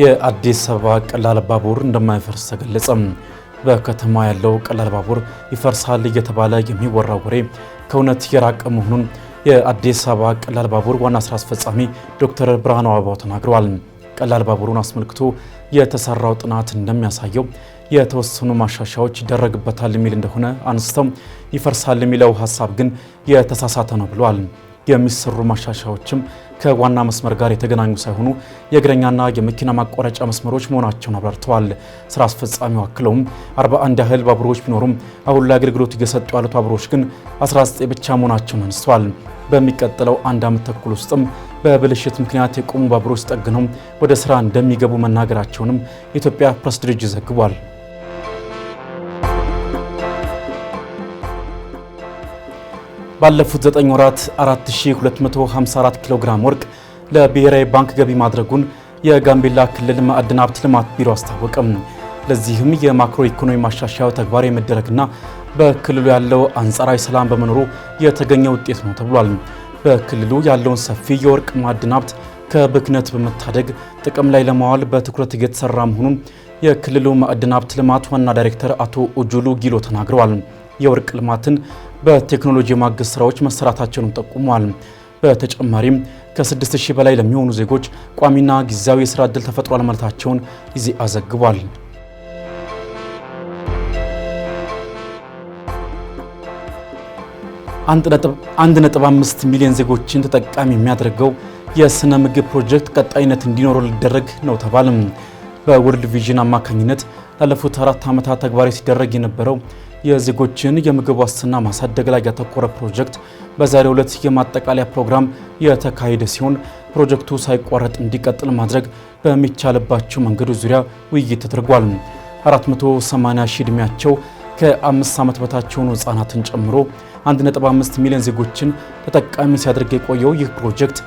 የአዲስ አበባ ቀላል ባቡር እንደማይፈርስ ተገለጸም። በከተማ ያለው ቀላል ባቡር ይፈርሳል እየተባለ የሚወራ ወሬ ከእውነት የራቀ መሆኑን የአዲስ አበባ ቀላል ባቡር ዋና ስራ አስፈጻሚ ዶክተር ብርሃኑ አበባው ተናግረዋል። ቀላል ባቡሩን አስመልክቶ የተሰራው ጥናት እንደሚያሳየው የተወሰኑ ማሻሻያዎች ይደረግበታል የሚል እንደሆነ አንስተው ይፈርሳል የሚለው ሀሳብ ግን የተሳሳተ ነው ብለዋል። የሚሰሩ ማሻሻያዎችም ከዋና መስመር ጋር የተገናኙ ሳይሆኑ የእግረኛና የመኪና ማቋረጫ መስመሮች መሆናቸውን አብራርተዋል። ስራ አስፈጻሚው አክለውም 41 ያህል ባቡሮች ቢኖሩም አሁን ላይ አገልግሎት እየሰጡ ያሉት ባቡሮች ግን 19 ብቻ መሆናቸውን አንስተዋል። በሚቀጥለው አንድ ዓመት ተኩል ውስጥም በብልሽት ምክንያት የቆሙ ባቡሮች ጠግነው ወደ ስራ እንደሚገቡ መናገራቸውንም የኢትዮጵያ ፕሬስ ድርጅት ዘግቧል። ባለፉት 9 ወራት 4254 ኪሎ ግራም ወርቅ ለብሔራዊ ባንክ ገቢ ማድረጉን የጋምቤላ ክልል ማዕድን ሀብት ልማት ቢሮ አስታወቀም። ለዚህም የማክሮ ኢኮኖሚ ማሻሻያው ተግባራዊ መደረግና በክልሉ ያለው አንጻራዊ ሰላም በመኖሩ የተገኘ ውጤት ነው ተብሏል። በክልሉ ያለውን ሰፊ የወርቅ ማዕድን ሀብት ከብክነት በመታደግ ጥቅም ላይ ለማዋል በትኩረት እየተሰራ መሆኑን የክልሉ ማዕድን ሀብት ልማት ዋና ዳይሬክተር አቶ ኡጁሉ ጊሎ ተናግረዋል። የወርቅ ልማትን በቴክኖሎጂ የማገዝ ስራዎች መሰራታቸውንም ጠቁመዋል። በተጨማሪም ከ6000 በላይ ለሚሆኑ ዜጎች ቋሚና ጊዜያዊ የስራ ዕድል ተፈጥሯል ማለታቸውን ኢዜአ ዘግቧል። አንድ ነጥብ አምስት ሚሊዮን ዜጎችን ተጠቃሚ የሚያደርገው የስነ ምግብ ፕሮጀክት ቀጣይነት እንዲኖረው ሊደረግ ነው ተባለም። በወርልድ ቪዥን አማካኝነት ላለፉት አራት ዓመታት ተግባራዊ ሲደረግ የነበረው የዜጎችን የምግብ ዋስትና ማሳደግ ላይ ያተኮረ ፕሮጀክት በዛሬው ዕለት የማጠቃለያ ፕሮግራም የተካሄደ ሲሆን ፕሮጀክቱ ሳይቋረጥ እንዲቀጥል ማድረግ በሚቻልባቸው መንገዶች ዙሪያ ውይይት ተደርጓል። 480 ሺህ ዕድሜያቸው ከአምስት ዓመት በታች የሆኑ ህጻናትን ጨምሮ 1.5 ሚሊዮን ዜጎችን ተጠቃሚ ሲያደርግ የቆየው ይህ ፕሮጀክት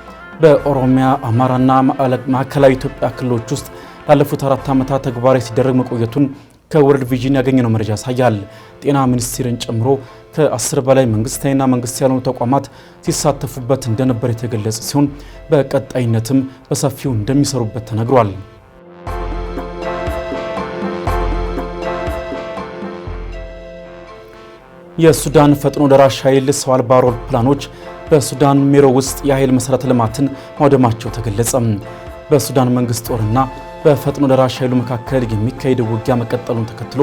በኦሮሚያ አማራና ማዕከላዊ ኢትዮጵያ ክልሎች ውስጥ ላለፉት አራት ዓመታት ተግባራዊ ሲደረግ መቆየቱን ከወርልድ ቪዥን ያገኘነው መረጃ ያሳያል። ጤና ሚኒስቴርን ጨምሮ ከአስር በላይ መንግስታዊና መንግስት ያልሆኑ ተቋማት ሲሳተፉበት እንደነበር የተገለጸ ሲሆን በቀጣይነትም በሰፊው እንደሚሰሩበት ተነግሯል። የሱዳን ፈጥኖ ደራሽ ኃይል ሰው አልባ አውሮፕላኖች በሱዳን ሜሮ ውስጥ የኃይል መሠረተ ልማትን ማውደማቸው ተገለጸ። በሱዳን መንግስት ጦርና በፈጥኖ ደራሽ ኃይሉ መካከል የሚካሄደው ውጊያ መቀጠሉን ተከትሎ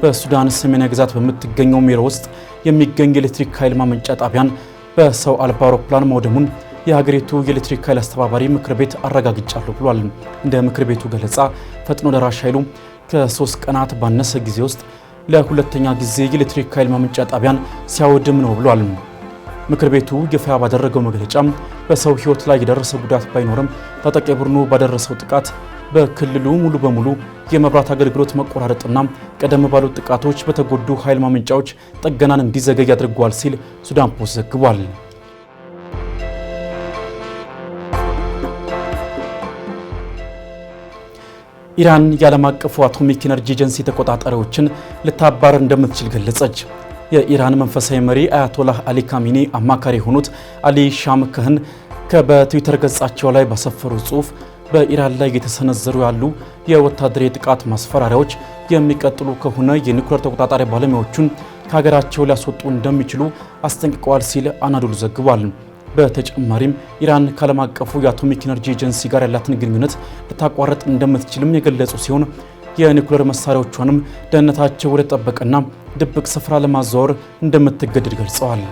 በሱዳን ሰሜናዊ ግዛት በምትገኘው ሚሮ ውስጥ የሚገኝ የኤሌክትሪክ ኃይል ማመንጫ ጣቢያን በሰው አልባ አውሮፕላን ማውደሙን የሀገሪቱ የኤሌክትሪክ ኃይል አስተባባሪ ምክር ቤት አረጋግጫለሁ ብሏል። እንደ ምክር ቤቱ ገለጻ ፈጥኖ ደራሽ ኃይሉ ከሶስት ቀናት ባነሰ ጊዜ ውስጥ ለሁለተኛ ጊዜ የኤሌክትሪክ ኃይል ማመንጫ ጣቢያን ሲያወድም ነው ብሏል። ምክር ቤቱ ይፋ ባደረገው መግለጫ በሰው ሕይወት ላይ የደረሰ ጉዳት ባይኖርም ታጣቂ ቡድኑ ባደረሰው ጥቃት በክልሉ ሙሉ በሙሉ የመብራት አገልግሎት መቆራረጥና ቀደም ባሉት ጥቃቶች በተጎዱ ኃይል ማመንጫዎች ጥገናን እንዲዘገይ አድርጓል ሲል ሱዳን ፖስት ዘግቧል። ኢራን የዓለም አቀፉ አቶሚክ ኤነርጂ ኤጀንሲ ተቆጣጣሪዎችን ልታባረር እንደምትችል ገለጸች። የኢራን መንፈሳዊ መሪ አያቶላህ አሊ ካሚኒ አማካሪ የሆኑት አሊ ሻምክህን በትዊተር ገጻቸው ላይ ባሰፈሩ ጽሑፍ በኢራን ላይ እየተሰነዘሩ ያሉ የወታደራዊ ጥቃት ማስፈራሪያዎች የሚቀጥሉ ከሆነ የኒውክሌር ተቆጣጣሪ ባለሙያዎቹን ከሀገራቸው ሊያስወጡ እንደሚችሉ አስጠንቅቀዋል ሲል አናዶሉ ዘግቧል። በተጨማሪም ኢራን ከዓለም አቀፉ የአቶሚክ ኤነርጂ ኤጀንሲ ጋር ያላትን ግንኙነት ልታቋረጥ እንደምትችልም የገለጹ ሲሆን የኒውክሌር መሳሪያዎቿንም ደህንነታቸው ወደ ጠበቀና ድብቅ ስፍራ ለማዘዋወር እንደምትገደድ ገልጸዋል።